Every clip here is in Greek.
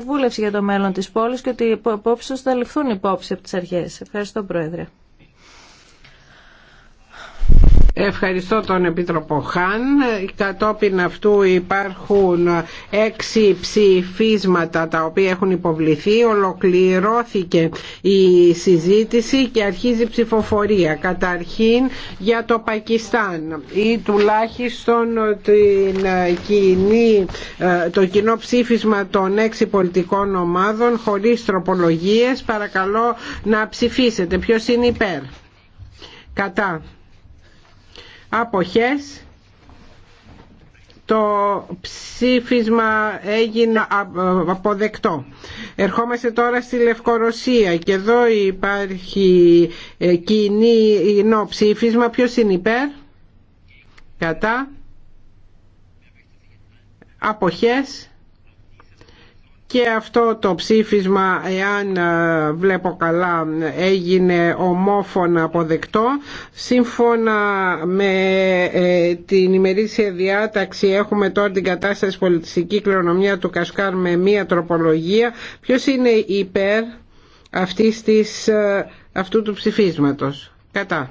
βούλευση για το μέλλον της πόλης και ότι οι απόψεις θα ληφθούν υπόψη από τις αρχές. Ευχαριστώ Πρόεδρε. Ευχαριστώ τον Επίτροπο Χάν. Κατόπιν αυτού υπάρχουν έξι ψηφίσματα τα οποία έχουν υποβληθεί. Ολοκληρώθηκε η συζήτηση και αρχίζει η ψηφοφορία. Καταρχήν για το Πακιστάν ή τουλάχιστον το κοινό ψήφισμα των έξι πολιτικών ομάδων χωρίς τροπολογίες. Παρακαλώ να ψηφίσετε. Ποιος είναι υπέρ. Κατά αποχές το ψήφισμα έγινε αποδεκτό. Ερχόμαστε τώρα στη Λευκορωσία και εδώ υπάρχει ε, κοινό ψήφισμα. Ποιος είναι υπέρ, κατά, αποχές, και αυτό το ψήφισμα εάν ε, βλέπω καλά έγινε ομόφωνα αποδεκτό σύμφωνα με ε, την ημερήσια διάταξη έχουμε τώρα την κατάσταση πολιτιστική κληρονομιά του Κασκάρ με μία τροπολογία ποιος είναι υπέρ αυτής της, ε, αυτού του ψηφίσματος κατά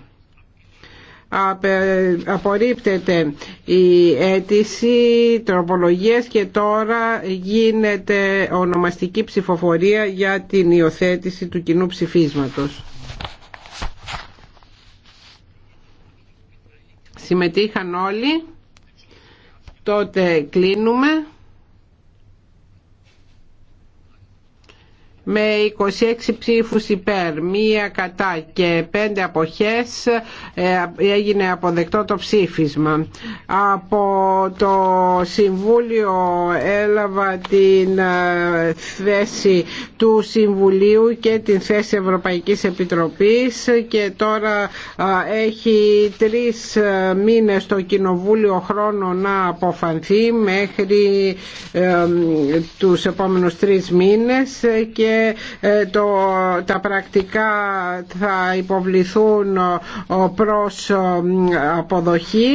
απορρίπτεται η αίτηση τροπολογίες και τώρα γίνεται ονομαστική ψηφοφορία για την υιοθέτηση του κοινού ψηφίσματος. Συμμετείχαν όλοι. Τότε κλείνουμε. με 26 ψήφους υπέρ, μία κατά και πέντε αποχές ε, έγινε αποδεκτό το ψήφισμα. Από το Συμβούλιο έλαβα την ε, θέση του Συμβουλίου και την θέση Ευρωπαϊκής Επιτροπής και τώρα ε, έχει τρεις μήνες το Κοινοβούλιο χρόνο να αποφανθεί μέχρι τους επόμενους τρεις μήνες και ε, τα πρακτικά θα υποβληθούν ε, προς ε, αποδοχή.